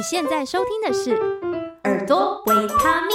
你現在收聽的是《耳朵維他命》。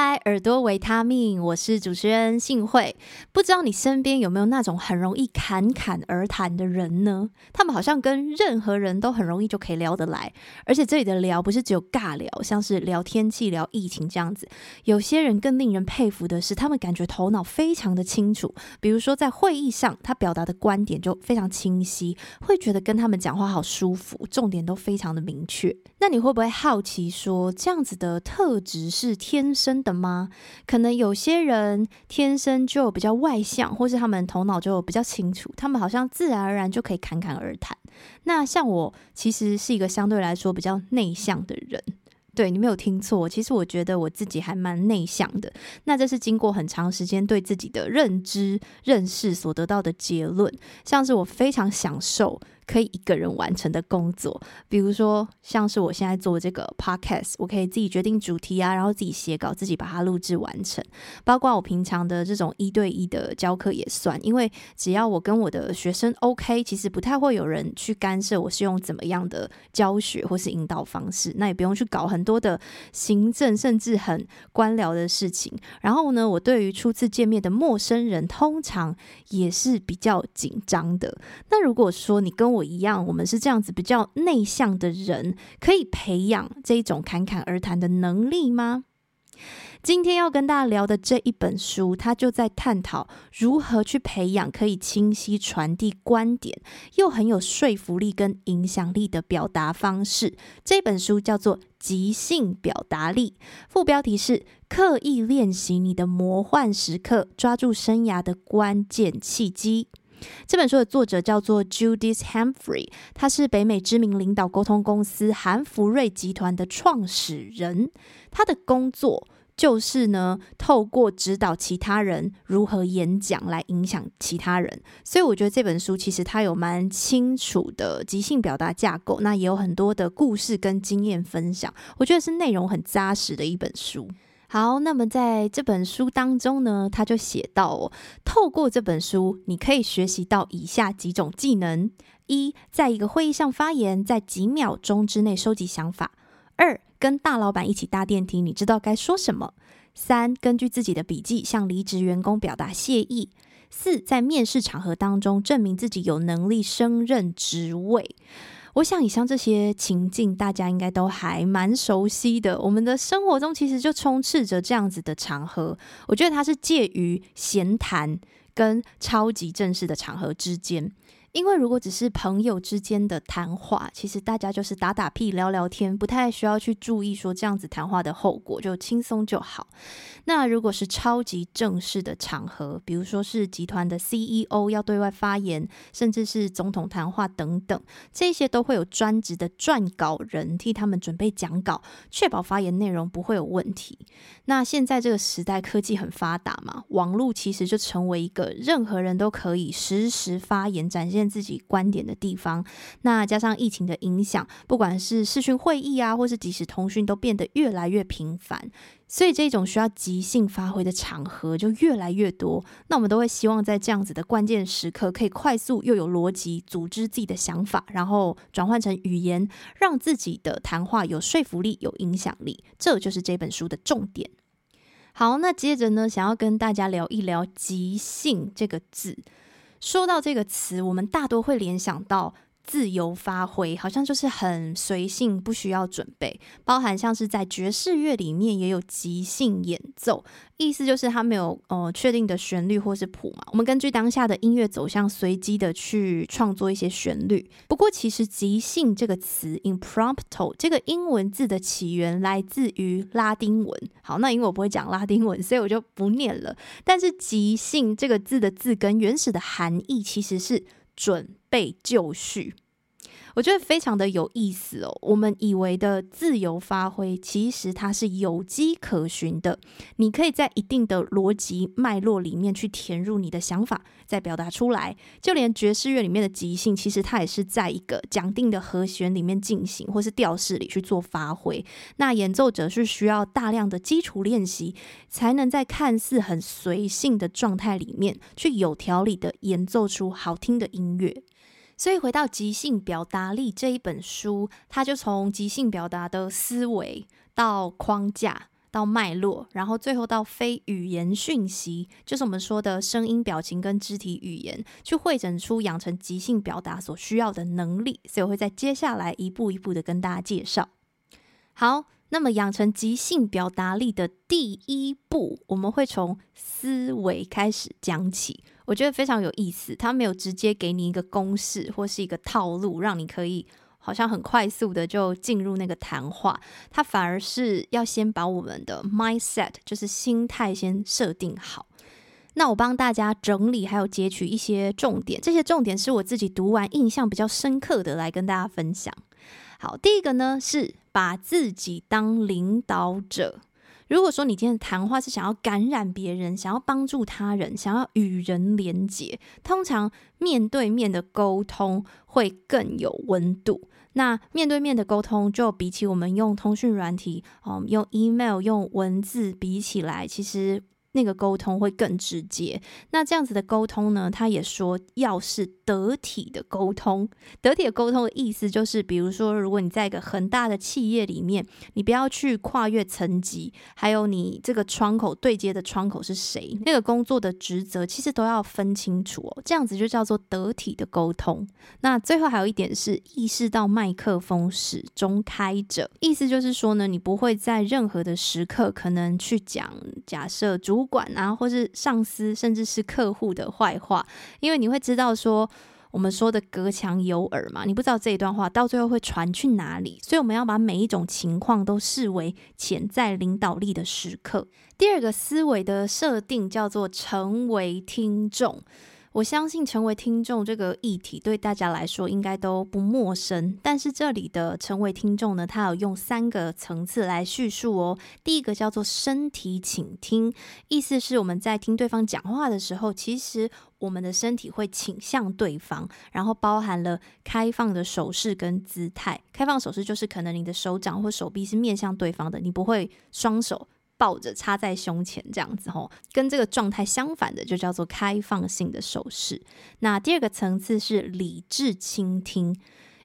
Hi, 耳朵維他命，我是主持人，信慧。不知道你身邊有沒有那種很容易侃侃而談的人呢？他們好像跟任何人都很容易就可以聊得來，而且這裡的聊不是只有尬聊，像是聊天氣、聊疫情這樣子。有些人更令人佩服的是，他們感覺頭腦非常的清楚，比如說在會議上，他表達的觀點就非常清晰，會覺得跟他們講話好舒服，重點都非常的明確。那你會不會好奇說，這樣子的特質是天生的嗎？可能有些人天生就比較外向，或是他們頭腦就比較清楚，他們好像自然而然就可以侃侃而談。那像我，其實是一個相對來說比較內向的人。對，你沒有聽錯，其實我覺得我自己還蠻內向的。那這是經過很長時間對自己的認知、認識所得到的結論。像是我非常享受。可以一個人完成的工作，比如說像是我現在做這個 podcast，我可以自己決定主題啊，然後自己寫稿，自己把它錄製完成。包括我平常的這種一對一的教課也算，因為只要我跟我的學生 OK，其實不太會有人去干涉我是用怎麼樣的教學或是引導方式，那也不用去搞很多的行政，甚至很官僚的事情。然後呢，我對於初次見面的陌生人，通常也是比較緊張的。那如果說你跟我一樣，我們是這樣子比較內向的人，可以培養這種侃侃而談的能力嗎？今天要跟大家聊的這一本書，它就在探討如何去培養可以清晰傳遞觀點，又很有說服力跟影響力的表達方式。這本書叫做《即興表達力》，副標題是“刻意練習你的魔幻時刻，抓住生涯的關鍵契機”。這本書的作者叫做 Judith Humphrey，他是北美知名領導溝通公司韓福瑞集團的創始人。他的工作就是呢，透過指導其他人如何演講來影響其他人。所以我覺得這本書其實他有蠻清楚的即興表達架構，那也有很多的故事跟經驗分享。我覺得是內容很扎實的一本書。好，那麼在這本書當中呢，他就寫到哦，透過這本書，你可以學習到以下幾種技能：一，在一個會議上發言，在幾秒鐘之內收集想法；二，跟大老闆一起搭電梯，你知道該說什麼；三，根據自己的筆記向離職員工表達謝意；四，在面試場合當中證明自己有能力升任職位。我想以上這些情境，大家應該都還蠻熟悉的。我們的生活中其實就充斥着這樣子的場合，我覺得它是介於閒談跟超級正式的場合之間。因為如果只是朋友之間的談話，其實大家就是打打屁、聊聊天，不太需要去注意說這樣子談話的後果，就輕鬆就好。那如果是超級正式的場合，比如說是集團的 CEO 要對外發言，甚至是總統談話等等，這些都會有專職的撰稿人替他們準備講稿，確保發言內容不會有問題。那現在這個時代科技很發達嘛，網絡其實就成為一個任何人都可以實時發言、展現自己觀點的地方，那加上疫情的影響，不管是視訊會議啊，或是即時通訊，都變得越來越頻繁，所以這種需要即興發揮的場合就越來越多。那我們都會希望在這樣子的關鍵時刻，可以快速又有邏輯組織自己的想法，然後轉換成語言，讓自己的談話有說服力、有影響力。這就是這本書的重點。好，那接着呢，想要跟大家聊一聊“即興”這個字。說到這個詞，我們大多會聯想到，自由發揮，好像就是很隨性，不需要準備，包含像是在爵士樂裡面也有即興演奏，意思就是它沒有呃確定的旋律或是譜嘛，我們根據當下的音樂走向，隨機的去創作一些旋律。不過其實“即興”這個詞 impromptu 這個英文字的起源來自於拉丁文。好，那因為我不會講拉丁文，所以我就不念了。但是“即興”這個字的字根原始的含義其實是準。被就緒，我覺得非常的有意思哦。我們以為的自由發揮，其實它是有跡可循的。你可以在一定的邏輯脈絡裡面去填入你的想法，再表達出來。就連爵士樂裡面的即興，其實它也是在一個講定的和弦裡面進行，或是調式裡去做發揮。那演奏者是需要大量的基礎練習，才能在看似很隨性的狀態裡面，去有條理的演奏出好聽的音樂。所以回到即興表達力這一本書，它就從即興表達的思維到框架到脈絡，然後最後到非語言訊息，就是我們說的聲音、表情跟肢體語言，去彙整出養成即興表達所需要的能力。所以我會在接下來一步一步的跟大家介紹。好，那麼養成即興表達力的第一步，我們會從思維開始講起。我覺得非常有意思，他沒有直接給你一個公式或是一個套路，讓你可以好像很快速的就進入那個談話。他反而是要先把我們的 mindset，就是心態，先設定好。那我幫大家整理，還有截取一些重點，這些重點是我自己讀完印象比較深刻的，來跟大家分享。好，第一個呢，是把自己當領導者。如果說你今天的談話是想要感染別人，想要幫助他人，想要與人連結，通常面對面的溝通會更有溫度。那面對面的溝通，就比起我們用通訊軟體，嗯，用 email、用文字比起來，其實。那個溝通會更直接。那這樣子的溝通呢，他也說，要是得體的溝通，得體的溝通的意思就是，比如說，如果你在一個很大的企業裡面，你不要去跨越層級，還有你這個窗口對接的窗口是誰，那個工作的職責其實都要分清楚哦。這樣子就叫做得體的溝通。那最後還有一點是，意識到麥克風始終開着，意思就是說呢，你不會在任何的時刻可能去講，假設主主管啊，或是上司，甚至是客戶的壞話，因為你會知道說我們說的隔牆有耳嘛，你不知道這一段話到最後會傳去哪裡，所以我們要把每一種情況都視為潛在領導力的時刻。第二個思維的設定叫做成為聽眾。我相信成為聽眾這個議題對大家來說應該都不陌生，但是這裡的成為聽眾呢，它有用三個層次來敘述哦。第一個叫做身體傾聽，意思是我們在聽對方講話的時候，其實我們的身體會傾向對方，然後包含了開放的手勢跟姿態。開放手勢就是可能你的手掌或手臂是面向對方的，你不會雙手。抱着插在胸前這樣子吼，跟這個狀態相反的就叫做開放性的手勢。那第二個層次是理智傾聽，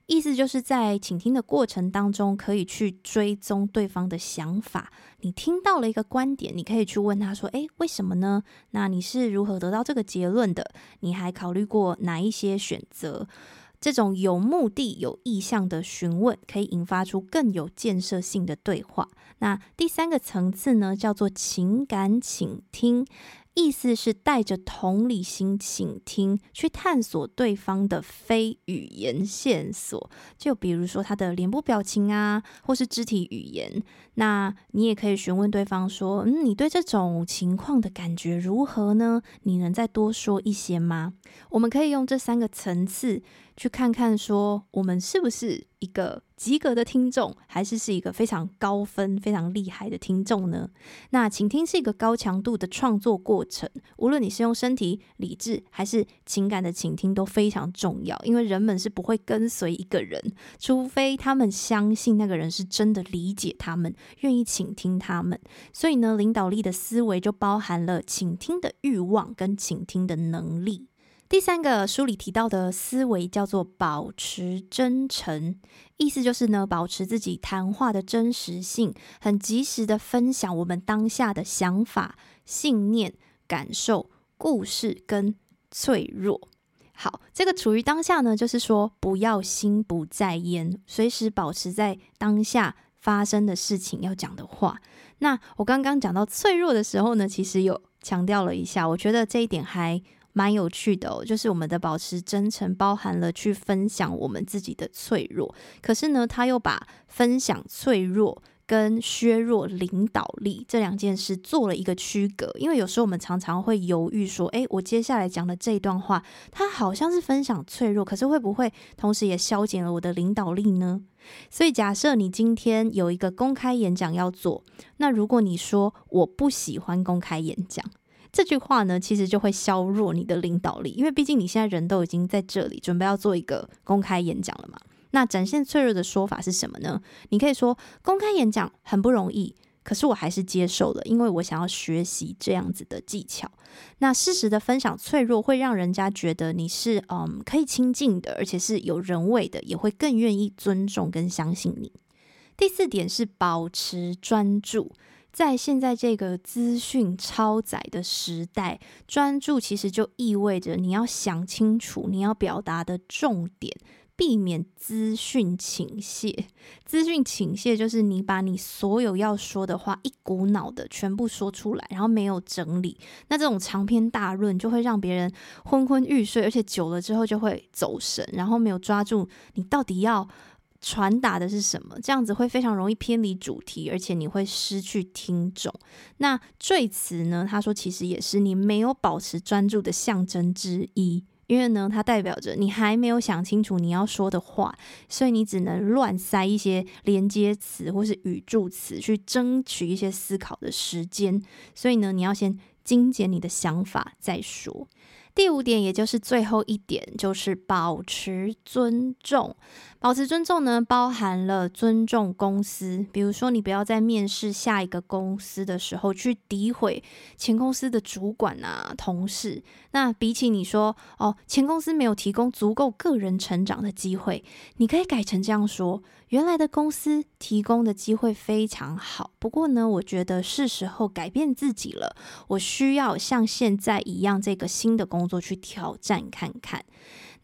意思就是在傾聽的過程當中，可以去追蹤對方的想法。你聽到了一個觀點，你可以去問他說：“誒，為什麼呢？那你是如何得到這個結論的？你還考慮過哪一些選擇？”這種有目的、有意向的詢問，可以引發出更有建設性的對話。那第三個層次呢，叫做情感傾聽，意思是帶着同理心傾聽，去探索對方的非語言線索，就比如說他的臉部表情啊，或是肢體語言。那你也可以詢問對方說：“嗯，你對這種情況的感覺如何呢？你能再多說一些嗎？”我們可以用這三個層次。去看看，說我們是不是一個及格的聽眾，還是是一個非常高分、非常厲害的聽眾呢？那傾聽是一個高強度的創作過程，無論你是用身體、理智還是情感的傾聽，都非常重要。因為人們是不會跟隨一個人，除非他們相信那個人是真的理解他們，願意傾聽他們。所以呢，領導力的思維就包含了傾聽的欲望跟傾聽的能力。第三個書裡提到的思維叫做保持真誠，意思就是呢，保持自己談話的真實性，很及時的分享我們當下的想法、信念、感受、故事跟脆弱。好，這個處於當下呢，就是說不要心不在焉，隨時保持在當下發生的事情要講的話。那我剛剛講到脆弱的時候呢，其實有強調了一下，我覺得這一點還。蠻有趣的哦，就是我們的保持真誠包含了去分享我們自己的脆弱，可是呢，他又把分享脆弱跟削弱領導力這兩件事做了一個區隔，因為有時候我們常常會猶豫說，哎、欸，我接下來講的這段話，它好像是分享脆弱，可是會不會同時也消減了我的領導力呢？所以假設你今天有一個公開演講要做，那如果你說我不喜歡公開演講。這句話呢，其實就會削弱你的領導力，因為畢竟你現在人都已經在這裡，準備要做一個公開演講了嘛。那展現脆弱的說法是什麼呢？你可以說公開演講很不容易，可是我還是接受了，因為我想要學習這樣子的技巧。那適時的分享脆弱，會讓人家覺得你是嗯可以親近的，而且是有人味的，也會更願意尊重跟相信你。第四點是保持專注。在現在這個資訊超載的時代，專注其實就意味着你要想清楚你要表達的重點，避免資訊傾瀉。資訊傾瀉就是你把你所有要說的話一股腦的全部說出來，然後沒有整理。那這種長篇大論就會讓別人昏昏欲睡，而且久了之後就會走神，然後沒有抓住你到底要。傳達的是什麼？這樣子會非常容易偏離主題，而且你會失去聽眾。那贅詞呢？他說，其實也是你沒有保持專注的象徵之一，因為呢，它代表着你還沒有想清楚你要說的話，所以你只能亂塞一些連接詞或是語助詞去爭取一些思考的時間。所以呢，你要先精簡你的想法再說。第五點，也就是最後一點，就是保持尊重。保持尊重呢，包含了尊重公司。比如說，你不要在面試下一個公司的時候去詆毀前公司的主管啊、同事。那比起你說“哦，前公司沒有提供足夠個人成長的機會”，你可以改成這樣說：“原來的公司提供的機會非常好，不過呢，我覺得是時候改變自己了。我需要像現在一樣，這個新的工作去挑戰看看。”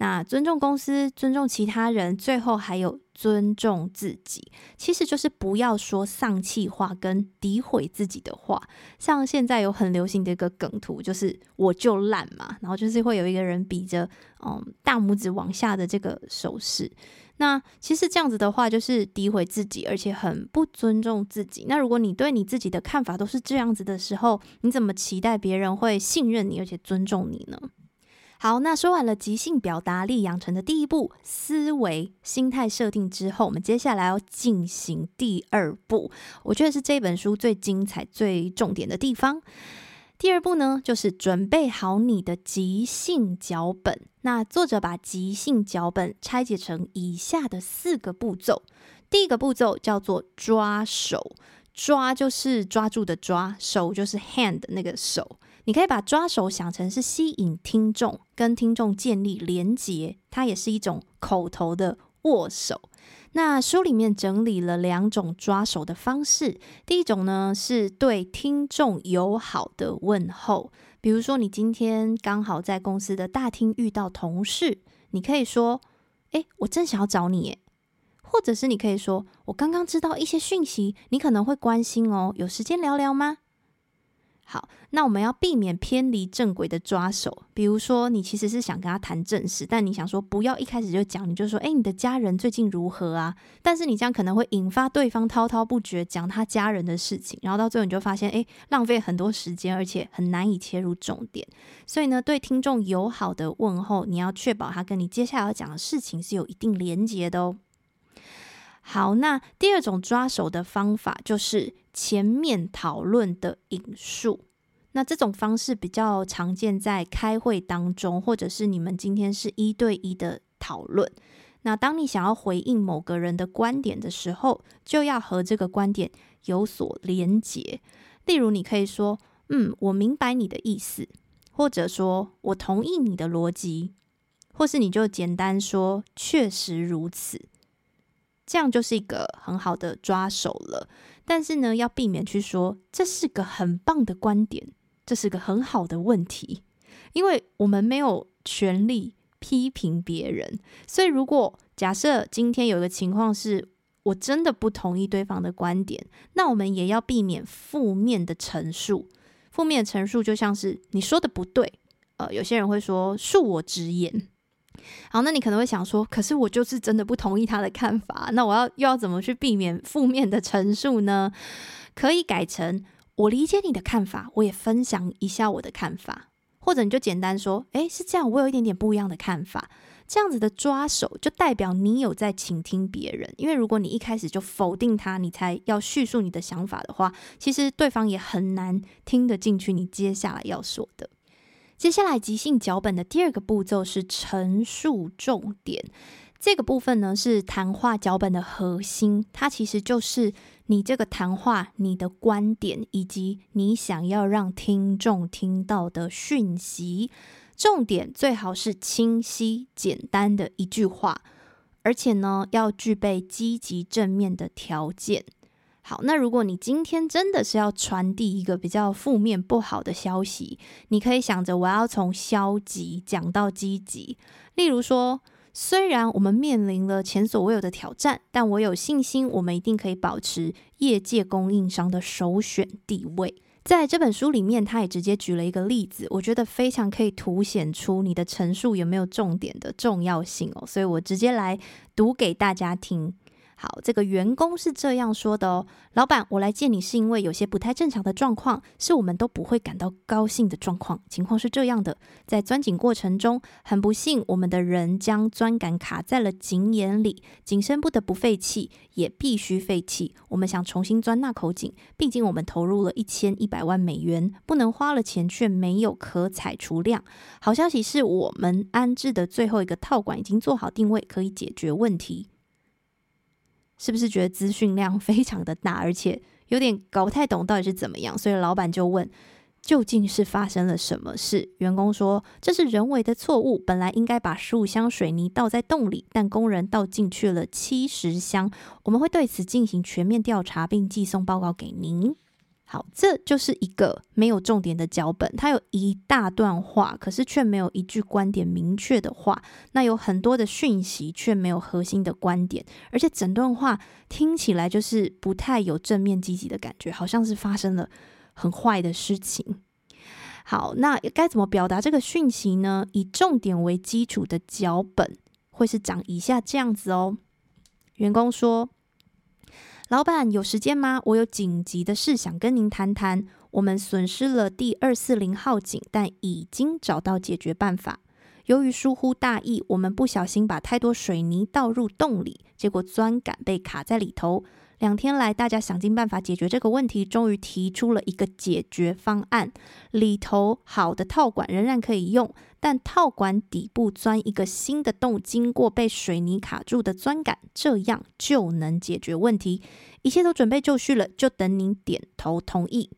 那尊重公司，尊重其他人，最後還有尊重自己，其實就是不要說喪氣話跟詆毀自己的話。像現在有很流行的一個梗圖，就是我就爛嘛，然後就是會有一個人比着嗯大拇指往下的這個手勢。那其實這樣子的話，就是詆毀自己，而且很不尊重自己。那如果你對你自己的看法都是這樣子的時候，你怎麼期待別人會信任你，而且尊重你呢？好，那說完了即興表達力養成的第一步思維、心態設定之後，我們接下來要進行第二步。我覺得是這本書最精彩、最重點的地方。第二步呢，就是準備好你的即興腳本。那作者把即興腳本拆解成以下的四個步驟。第一個步驟叫做抓手，抓就是抓住的抓，手就是 hand 的那個手。你可以把抓手想成是吸引聽眾、跟聽眾建立連結，它也是一種口頭的握手。那書裡面整理了兩種抓手的方式，第一種呢是對聽眾友好的問候，比如說你今天剛好在公司的大廳遇到同事，你可以說：“誒，我正想要找你。”，誒，或者是你可以說：“我剛剛知道一些訊息，你可能會關心哦，有時間聊聊嗎？”好，那我們要避免偏離正軌的抓手，比如說你其實是想跟他談正事，但你想說不要一開始就講，你就說，誒，你的家人最近如何啊？但是你這樣可能會引發對方滔滔不絕講他家人的事情，然後到最後你就發現，誒，浪費很多時間，而且很難以切入重點。所以呢，對聽眾友好的問候，你要確保他跟你接下來要講的事情是有一定連接的哦。好，那第二種抓手的方法就是。前面討論的引述，那這種方式比較常見在開會當中，或者是你們今天是一對一的討論。那當你想要回應某個人的觀點的時候，就要和這個觀點有所連結。例如，你可以說：“嗯，我明白你的意思。”，或者說：“我同意你的邏輯。”，或是你就簡單說：“確實如此。”，這樣就是一個很好的抓手了。但是呢，要避免去說，這是個很棒的觀點，這是個很好的問題，因為我們沒有權利批評別人。所以，如果假設今天有個情況是我真的不同意對方的觀點，那我們也要避免負面的陳述。負面的陳述就像是你說的不對。呃，有些人會說恕我直言。好，那你可能會想說，可是我就是真的不同意他的看法，那我要又要怎麼去避免負面的陳述呢？可以改成我理解你的看法，我也分享一下我的看法，或者你就簡單說，誒，是這樣，我有一點點不一樣的看法。這樣子的抓手就代表你有在傾聽別人，因為如果你一開始就否定他，你才要敘述你的想法的話，其實對方也很難聽得進去你接下來要說的。接下來即興腳本的第二個步驟是陳述重點。這個部分呢，是談話腳本的核心，它其實就是你這個談話，你的觀點以及你想要讓聽眾聽到的訊息。重點最好是清晰簡單的一句話，而且呢要具備積極正面的條件。好，那如果你今天真的是要傳遞一個比較負面不好的消息，你可以想着我要從消極講到積極。例如說，雖然我們面臨了前所未有的挑戰，但我有信心，我們一定可以保持業界供應商的首選地位。在這本書裡面，他也直接舉了一個例子，我覺得非常可以凸顯出你的陳述有沒有重點的重要性哦。所以我直接來讀給大家聽。好，這個員工是這樣說的哦。老闆，我來見你是因為有些不太正常的狀況，是我們都不會感到高興的狀況。情況是這樣的，在鑽井過程中，很不幸，我們的人將鑽桿卡在了井眼裡，井身不得不廢棄，也必須廢棄。我們想重新鑽那口井，畢竟我們投入了一千一百萬美元，不能花了錢卻沒有可採儲量。好消息是我們安置的最後一個套管已經做好定位，可以解決問題。是不是覺得資訊量非常的大，而且有點搞不太懂到底是怎麼樣？所以老板就問，究竟是發生了什麼事？員工說，這是人為的錯誤，本來應該把十五箱水泥倒在洞裡，但工人倒進去了七十箱。我們會對此進行全面調查，並寄送報告給您。好，這就是一個沒有重點的腳本，它有一大段話，可是卻沒有一句觀點明確的話。那有很多的訊息，卻沒有核心的觀點，而且整段話聽起來就是不太有正面積極的感覺，好像是發生了很壞的事情。好，那該怎麼表達這個訊息呢？以重點為基礎的腳本會是長以下這樣子哦。員工說。老闆有時間嗎？我有緊急的事想跟您談談。我們損失了第二四零號井，但已經找到解決辦法。由於疏忽大意，我們不小心把太多水泥倒入洞裡，結果鑽桿被卡在裡頭。兩天來，大家想盡辦法解決這個問題，終於提出了一個解決方案。裡頭好的套管仍然可以用，但套管底部鑽一個新的洞，經過被水泥卡住的鑽桿，這樣就能解決問題。一切都準備就緒了，就等您點頭同意。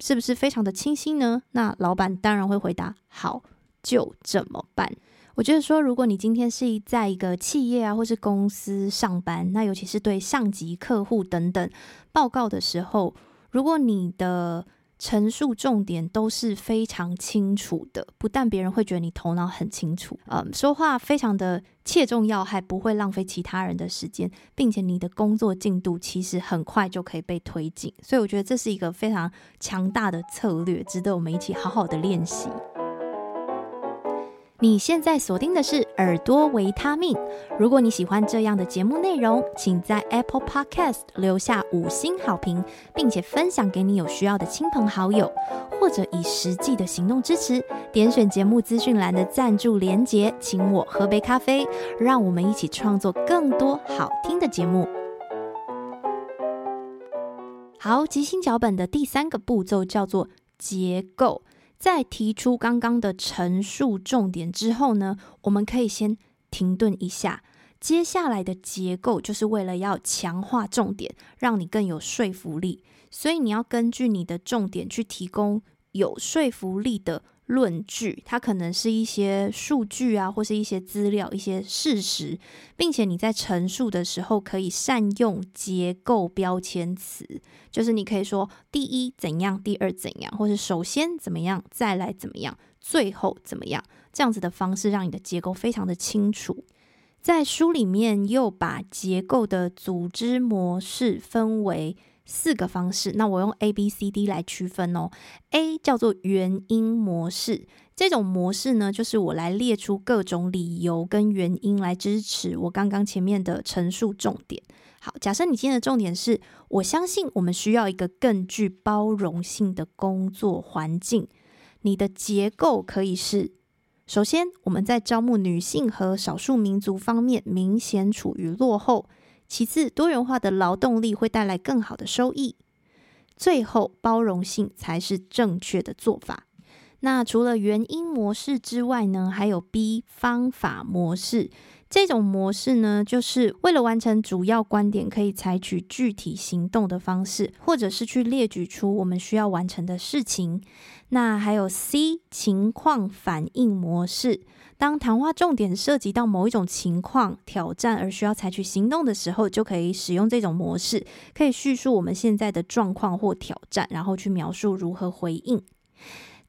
是不是非常的清晰呢？那老闆當然會回答：“好，就這麼辦。”我覺得說，如果你今天是在一個企業啊，或是公司上班，那尤其是對上級、客戶等等報告的時候，如果你的陳述重點都是非常清楚的，不但別人會覺得你頭腦很清楚，呃、嗯，說話非常的切中要害，還不會浪費其他人的時間，並且你的工作進度其實很快就可以被推進。所以我覺得這是一個非常強大的策略，值得我們一起好好的練習。你現在鎖定的是耳朵維他命。如果你喜歡這樣的節目內容，請在 Apple Podcast 留下五星好評，並且分享給你有需要的親朋好友，或者以實際的行動支持。點選節目資訊欄的贊助連結，請我喝杯咖啡，讓我們一起創作更多好聽的節目。好，即興腳本的第三個步驟叫做結構。在提出剛剛的陳述重點之後呢，我們可以先停頓一下。接下來的結構就是為了要強化重點，讓你更有說服力。所以你要根據你的重點去提供有說服力的。論據，它可能是一些數據啊，或是一些資料、一些事實，並且你在陳述的時候可以善用結構標籤詞，就是你可以說第一怎樣，第二怎樣，或是首先怎麼樣，再來怎麼樣，最後怎麼樣，這樣子的方式讓你的結構非常的清楚。在書裡面又把結構的組織模式分為四個方式，那我用 A B C D 來區分哦。A 叫做原因模式，這種模式呢，就是我來列出各種理由跟原因來支持我剛剛前面的陳述重點。好，假設你今天的重點是，我相信我們需要一個更具包容性的工作環境。你的結構可以是，首先，我們在招募女性和少數民族方面明顯處於落後。其次，多元化的勞動力會帶來更好的收益。最後，包容性才是正確的做法。那除了原因模式之外呢，還有 B，方法模式，這種模式呢，就是為了完成主要觀點，可以採取具體行動的方式，或者是去列舉出我們需要完成的事情。那還有 C，情況反應模式。當談話重點涉及到某一種情況、挑戰而需要採取行動的時候，就可以使用這種模式。可以敘述我們現在的狀況或挑戰，然後去描述如何回應。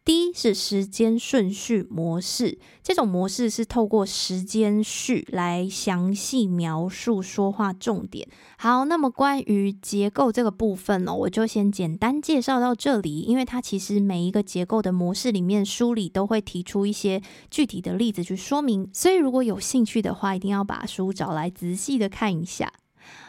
第一是時間順序模式，這種模式是透過時間序來詳細描述說話重點。好，那麼關於結構這個部分呢、哦，我就先簡單介紹到這裡，因為它其實每一個結構的模式裡面，書裡都會提出一些具體的例子去說明，所以如果有興趣的話，一定要把書找來仔細的看一下。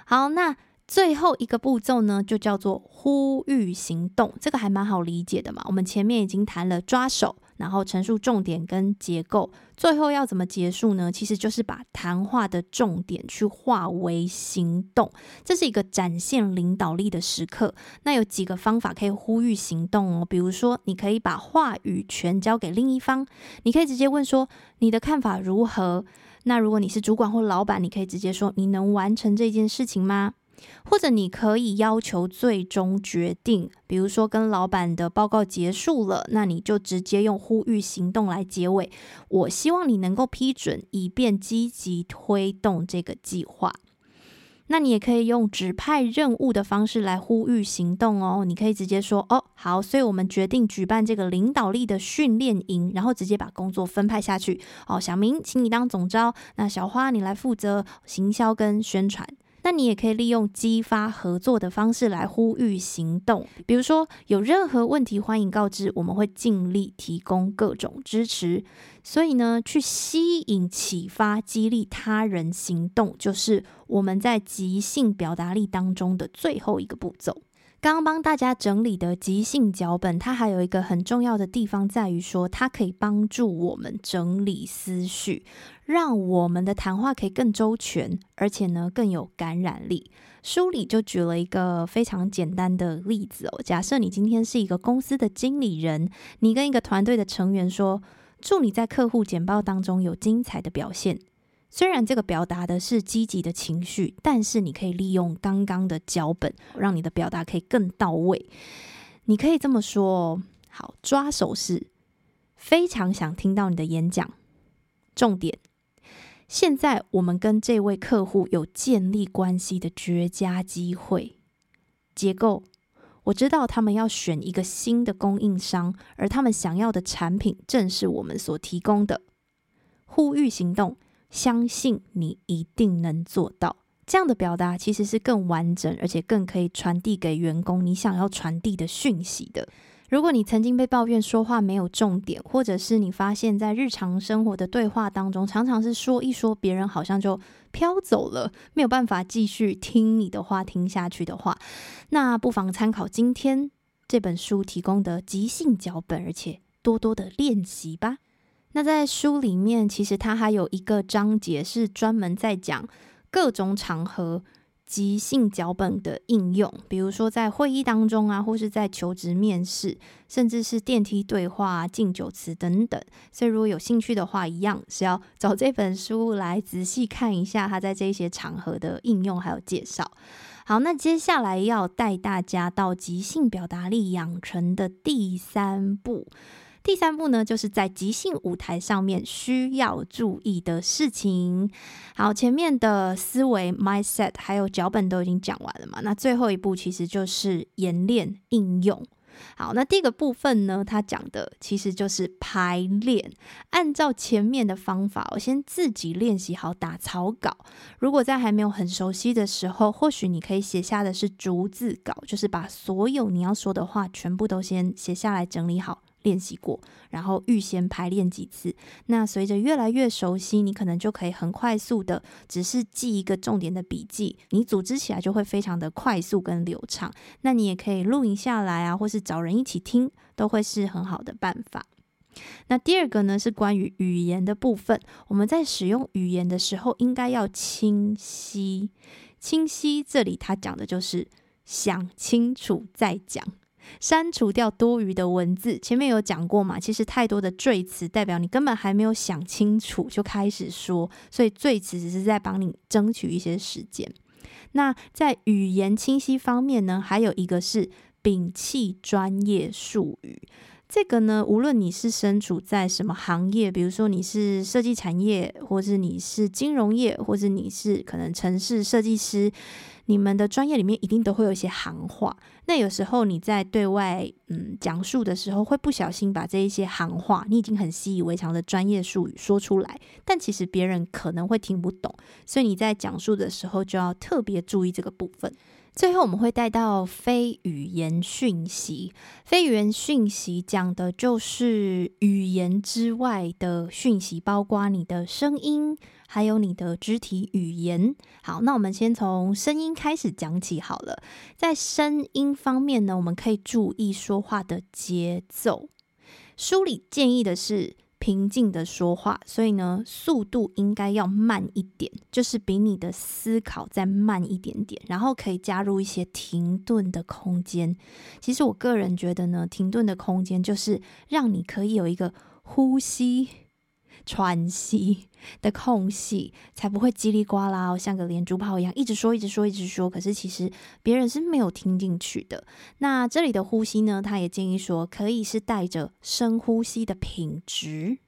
好，那。最後一個步驟呢，就叫做呼籲行動。這個還蠻好理解的嘛。我們前面已經談了抓手，然後陳述重點跟結構，最後要怎麼結束呢？其實就是把談話的重點去化為行動。這是一個展現領導力的時刻。那有幾個方法可以呼籲行動哦。比如說，你可以把話語權交給另一方，你可以直接問說你的看法如何。那如果你是主管或老闆，你可以直接說你能完成這件事情嗎？或者你可以要求最終決定，比如說跟老闆的報告結束了，那你就直接用呼籲行動來結尾。我希望你能夠批准，以便積極推動這個計劃。那你也可以用指派任務的方式來呼籲行動哦。你可以直接說：“哦，好，所以我們決定舉辦這個領導力的訓練營，然後直接把工作分派下去。哦，小明，請你當總召，那小花你來負責行銷跟宣傳。”那你也可以利用激發合作的方式來呼籲行動，比如說有任何問題歡迎告知，我們會盡力提供各種支持。所以呢，去吸引、啟發、激勵他人行動，就是我們在即興表達力當中的最後一個步驟。剛剛幫大家整理的即興腳本，它還有一個很重要的地方在於說，它可以幫助我們整理思緒。讓我們的談話可以更周全，而且呢，更有感染力。書裡就舉了一個非常簡單的例子哦。假設你今天是一個公司的經理人，你跟一個團隊的成員說：“祝你在客戶簡報當中有精彩的表現。”雖然這個表達的是積極的情緒，但是你可以利用剛剛的腳本，讓你的表達可以更到位。你可以這麼說：“好，抓手是非常想聽到你的演講。”重點。現在我們跟這位客戶有建立關係的絕佳機會。結構，我知道他們要選一個新的供應商，而他們想要的產品正是我們所提供的。呼籲行動，相信你一定能做到。這樣的表達其實是更完整，而且更可以傳遞給員工你想要傳遞的訊息的。如果你曾經被抱怨說話沒有重點，或者是你發現，在日常生活的對話當中，常常是說一說，別人好像就飄走了，沒有辦法繼續聽你的話聽下去的話，那不妨參考今天這本書提供的即興腳本，而且多多的練習吧。那在書裡面，其實它還有一個章節是專門在講各種場合。即興腳本的應用，比如說在會議當中啊，或是在求職面試，甚至是電梯對話啊、敬酒詞等等。所以如果有興趣的話，一樣是要找這本書來仔細看一下它在這些場合的應用還有介紹。好，那接下來要帶大家到即興表達力養成的第三步。第三步呢，就是在即興舞台上面需要注意的事情。好，前面的思維 mindset 還有腳本都已經講完了嘛？那最後一步其實就是演練應用。好，那第一個部分呢，它講的其實就是排練。按照前面的方法，我先自己練習好打草稿。如果在還沒有很熟悉的時候，或許你可以寫下的是逐字稿，就是把所有你要說的話全部都先寫下來整理好。練習過，然後預先排練幾次。那隨着越來越熟悉，你可能就可以很快速的，只是記一個重點的筆記，你組織起來就會非常的快速跟流暢。那你也可以錄音下來啊，或是找人一起聽，都會是很好的辦法。那第二個呢，是關於語言的部分。我們在使用語言的時候，應該要清晰。清晰這裡他講的就是想清楚再講。刪除掉多餘的文字，前面有講過嘛？其實太多的贅詞代表你根本還沒有想清楚就開始說，所以贅詞只是在幫你爭取一些時間。那在語言清晰方面呢，還有一個是摒棄專業術語。這個呢，無論你是身處在什麼行業，比如說你是設計產業，或是你是金融業，或是你是可能城市設計師，你們的專業裡面一定都會有一些行話。那有時候你在對外嗯講述的時候，會不小心把這一些行話，你已經很習以為常的專業術語說出來，但其實別人可能會聽不懂，所以你在講述的時候就要特別注意這個部分。最後我們會帶到非語言訊息，非語言訊息講的就是語言之外的訊息，包括你的聲音，還有你的肢體語言。好，那我們先從聲音開始講起好了，在聲音方面呢，我們可以注意說話的節奏。書裡建議的是。平靜的說話，所以呢，速度應該要慢一點，就是比你的思考再慢一點點，然後可以加入一些停頓的空間。其實我個人覺得呢，停頓的空間就是讓你可以有一個呼吸。喘息的空隙，才不會嘰裡呱啦，像個連珠炮一樣，一直說，一直說，一直說。可是其實別人是沒有聽進去的。那這裡的呼吸呢？他也建議說，可以是帶着深呼吸的品質。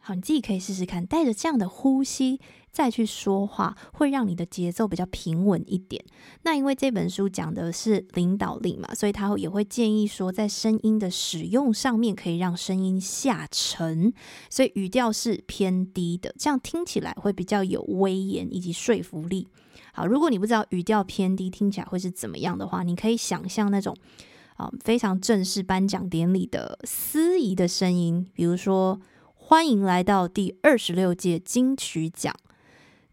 好，你自己可以試試看，帶着這樣的呼吸。再去說話，會讓你的節奏比較平穩一點。那因為這本書講的是領導力嘛，所以他也會建議說，在聲音的使用上面，可以讓聲音下沉，所以語調是偏低的，這樣聽起來會比較有威嚴以及說服力。好，如果你不知道語調偏低聽起來會是怎麼樣的話，你可以想象那種啊、呃、非常正式頒獎典禮的司儀的聲音，比如說“歡迎來到第二十六屆金曲獎”。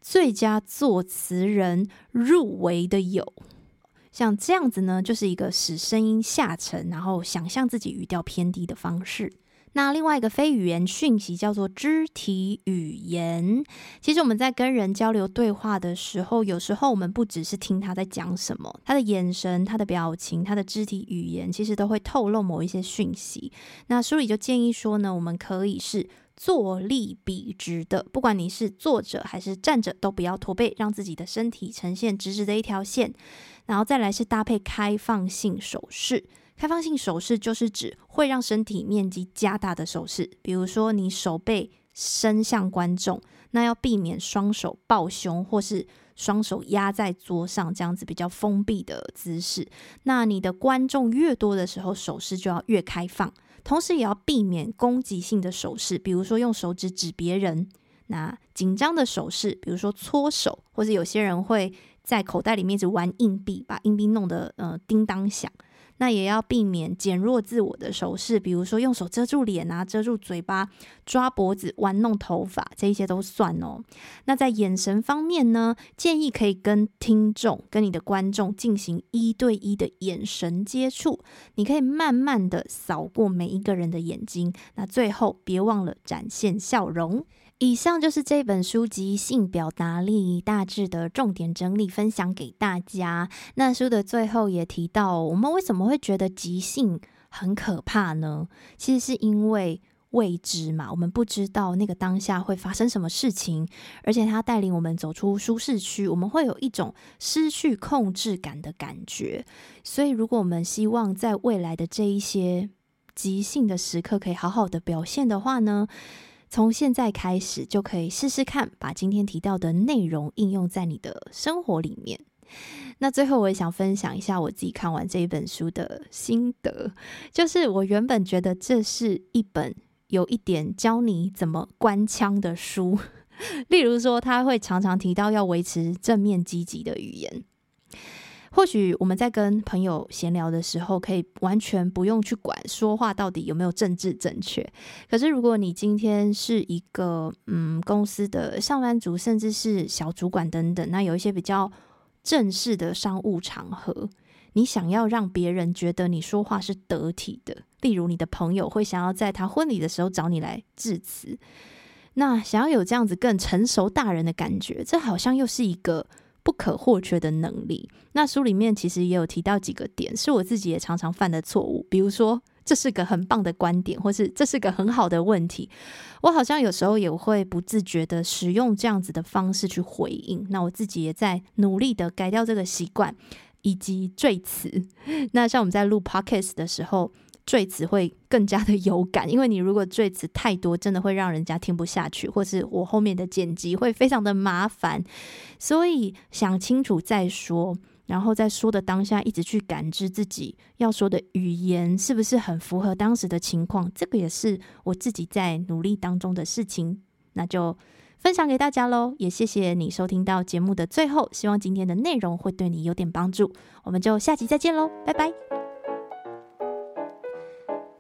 最佳作詞人入圍的有。像這樣子呢，就是一個使聲音下沉，然後想象自己語調偏低的方式。那另外一個非語言訊息叫做肢體語言。其實我們在跟人交流對話的時候，有時候我們不只是聽他在講什麼，他的眼神、他的表情、他的肢體語言，其實都會透露某一些訊息。那書裡就建議說呢，我們可以是坐立筆直的，不管你是坐着還是站着，都不要駝背，讓自己的身體呈現直直的一條線。然後再來是搭配開放性手勢，開放性手勢就是指會讓身體面積加大的手勢，比如說你手背伸向觀眾，那要避免雙手抱胸，或是雙手壓在桌上，這樣子比較封閉的姿勢。那你的觀眾越多的時候，手勢就要越開放。同時也要避免攻擊性的手勢，比如說用手指指別人，那緊張的手勢，比如說搓手，或者有些人會在口袋裡面一直玩硬幣，把硬幣弄得呃叮當響。那也要避免減弱自我的手勢，比如說用手遮住臉啊、遮住嘴巴、抓脖子、玩弄頭髮，這些都算哦。那在眼神方面呢，建議可以跟聽眾、跟你的觀眾進行一對一的眼神接觸，你可以慢慢的掃過每一個人的眼睛，那最後別忘了展現笑容。以上就是這本書《即興表達力》大致的重點整理分享給大家。那書的最後也提到，我們為什麼會覺得即興很可怕呢？其實是因為未知嘛，我們不知道那個當下會發生什麼事情，而且它帶領我們走出舒適區，我們會有一種失去控制感的感覺。所以，如果我們希望在未來的這一些即興的時刻可以好好的表現的話呢，從現在開始就可以試試看，把今天提到的內容應用在你的生活裡面。那最後，我也想分享一下我自己看完這一本書的心得，就是我原本覺得這是一本有一點教你怎麼官腔的書，例如說他會常常提到要維持正面積極的語言。或許我們在跟朋友閒聊的時候，可以完全不用去管說話到底有沒有政治正確。可是如果你今天是一個嗯公司的上班族，甚至是小主管等等，那有一些比較正式的商務場合，你想要讓別人覺得你說話是得體的，例如你的朋友會想要在他婚禮的時候找你來致辭，那想要有這樣子更成熟大人的感覺，這好像又是一個。不可或缺的能力。那書裡面其實也有提到幾個點，是我自己也常常犯的錯誤。比如說，這是個很棒的觀點，或是這是個很好的問題，我好像有時候也會不自覺的使用這樣子的方式去回應。那我自己也在努力的改掉這個習慣，以及贅詞。那像我們在錄 podcast 的時候。贅詞會更加的有感，因為你如果贅詞太多，真的會讓人家聽不下去，或是我後面的剪輯會非常的麻煩，所以想清楚再說，然後在說的當下一直去感知自己要說的語言是不是很符合當時的情況，這個也是我自己在努力當中的事情，那就分享給大家嘍，也謝謝你收聽到節目的最後，希望今天的內容會對你有點幫助，我們就下集再見嘍，拜拜。